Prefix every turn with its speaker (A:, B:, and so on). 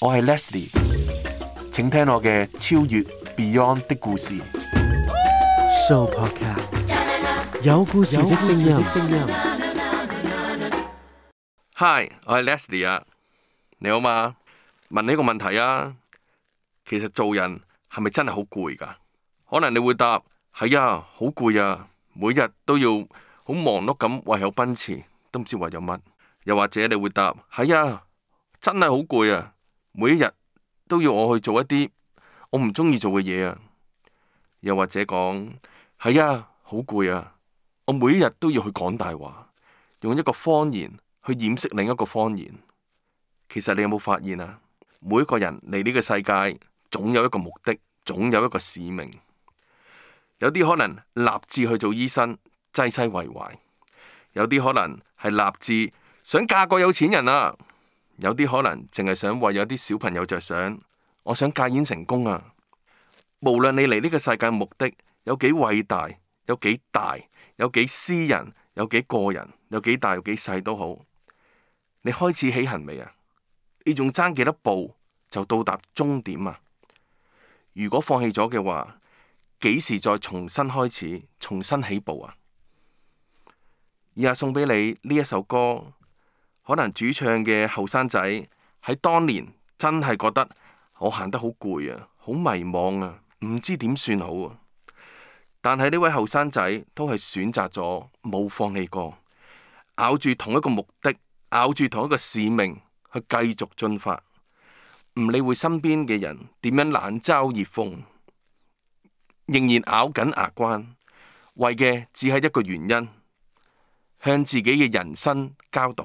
A: 我係 Leslie，請聽我嘅超越 Beyond 的故事。Show Podcast 有故事的聲音。Hi，我係 Leslie 啊，你好嘛？問你一個問題啊，其實做人係咪真係好攰㗎？可能你會答係啊，好攰啊，每日都要好忙碌咁，唯有奔馳都唔知為咗乜，又或者你會答係啊，真係好攰啊！每一日都要我去做一啲我唔中意做嘅嘢啊，又或者講，係啊，好攰啊！我每一日都要去講大話，用一個謊言去掩飾另一個謊言。其實你有冇發現啊？每一個人嚟呢個世界，總有一個目的，總有一個使命。有啲可能立志去做醫生，濟世為懷；有啲可能係立志想嫁個有錢人啊！有啲可能淨係想為有啲小朋友着想，我想戒煙成功啊！無論你嚟呢個世界的目的有幾偉大，有幾大，有幾私人，有幾個人，有幾大有幾細都好，你開始起行未啊？你仲爭幾多步就到達終點啊！如果放棄咗嘅話，幾時再重新開始，重新起步啊？而係送俾你呢一首歌。可能主唱嘅後生仔喺當年真係覺得我行得好攰啊，好迷茫啊，唔知點算好啊。但係呢位後生仔都係選擇咗冇放棄過，咬住同一個目的，咬住同一個使命去繼續進發，唔理會身邊嘅人點樣冷嘲熱諷，仍然咬緊牙關，為嘅只係一個原因，向自己嘅人生交代。